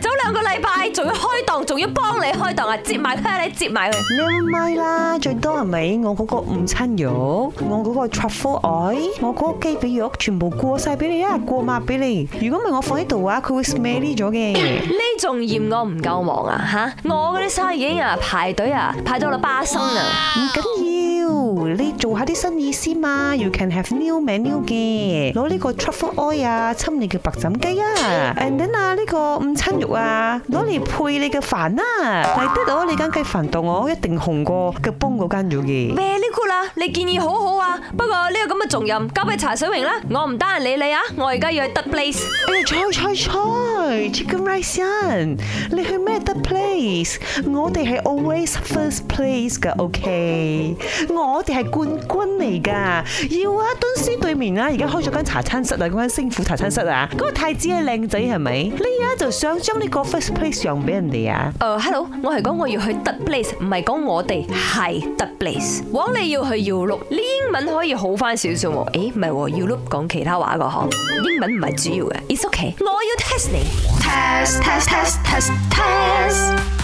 走兩個禮拜，仲要開檔，仲要幫你開檔啊！接埋佢，你接埋佢。兩米啦，最多係咪？我嗰個午餐肉，我嗰個 truffle 我嗰個雞髀肉，全部過晒俾你啊，過埋俾你。如果唔係我放喺度嘅話，佢會 smelly 咗嘅。你仲嫌我唔夠忙啊？吓，我嗰啲生意已經啊排隊啊排到落巴生啊！唔緊。你做下啲新意思嘛，you can have new menu 嘅，攞呢個 truffle oil 啊，侵你嘅白斬雞啊，and then 啊呢個午餐肉啊，攞嚟配你嘅飯啊，但係得攞你間雞飯度我一定紅過嘅煲嗰間咗嘅。喂呢個啦，你建議好好啊，不過呢個咁嘅重任交俾茶水榮啦，我唔得閒理你啊，我而家要去 the third place。菜菜菜，chicken rice 啊，你去咩 the third place？我哋係 always first place 噶，OK？我哋係。冠軍嚟噶，要啊！敦斯對面啦，而家開咗間茶餐室啊，嗰間星府茶餐室啊，嗰個太子係靚仔係咪？你而家就想將呢個 first place 上俾人哋啊？呃、uh, hello 我係講我要去 third place，唔係講我哋係 third place。往你要去 u 碌，你英文可以好翻少少喎？誒、欸，唔係喎，U6 講其他話個嗬，英文唔係主要嘅。It's ok，我要 test 你。Test, test, test, test, test.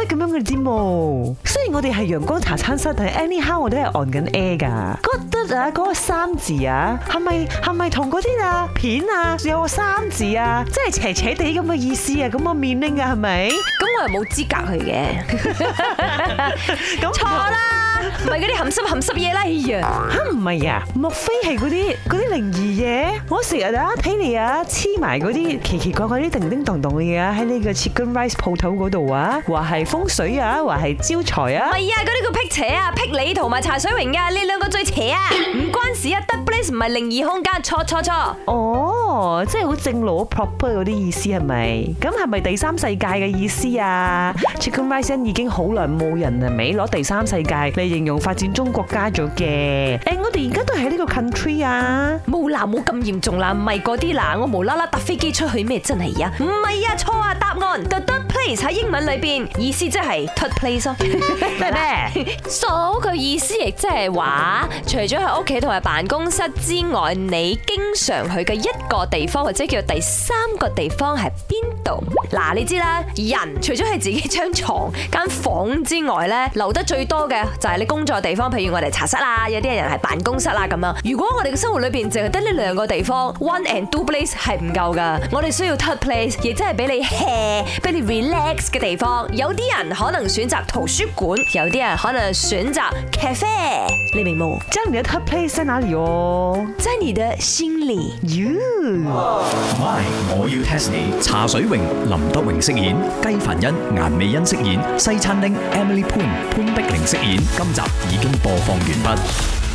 咁樣嘅節目，雖然我哋係陽光茶餐室，但係 anyhow 我都係 on 緊 air 㗎。覺得啊，嗰個三字啊，係咪係咪同嗰啲啊片啊有個三字啊，即係斜斜地咁嘅意思啊？咁我面拎㗎係咪？咁我又冇資格去嘅。咁錯啦，唔係嗰啲含濕含濕嘢啦，嚇唔係啊？莫非係嗰啲嗰啲靈異嘢？我成日啊睇你啊黐埋嗰啲奇奇怪怪啲叮叮咚咚嘢啊，喺呢個 chickenrice 鋪頭嗰度啊，話係。風水啊，或係招財啊，係啊，嗰啲叫辟邪啊，辟你同埋財水榮啊，呢兩個最邪啊，唔關事啊 d b l e t 唔係靈異空間，錯錯錯。哦，即係好正路 proper 嗰啲意思係咪？咁係咪第三世界嘅意思啊？Chicken Rice 已經好耐冇人係咪攞第三世界嚟形容發展中國家咗嘅？誒、欸，我哋而家都喺呢個 country 啊，冇啦，冇咁嚴重啦，唔係嗰啲啦，我無啦啦搭飛機出去咩？真係呀，唔係呀，錯啊，答案得得。多多不如喺英文裏邊意思即係 third place 咯，咩咩？吧 所個意思亦即係話，除咗喺屋企同埋辦公室之外，你經常去嘅一個地方或者叫第三個地方係邊度？嗱，你知啦，人除咗喺自己張床間房間之外咧，留得最多嘅就係你工作嘅地方，譬如我哋茶室啦，有啲人係辦公室啦咁啊。如果我哋嘅生活裏邊淨係得呢兩個地方，one and two place 係唔夠噶，我哋需要 third place，亦即係俾你 hea 俾你 relax 嘅地方。有啲人可能選擇圖書館，有啲人可能選擇 cafe，你明冇？你嘅 third place 喺哪裏？喎，在你的心裏。You，my，oh. 我要 test 你。茶水榮，林林德榮飾演雞凡恩，顏美欣飾演西餐廳 Emily Poon 潘潘碧玲飾演。今集已經播放完畢。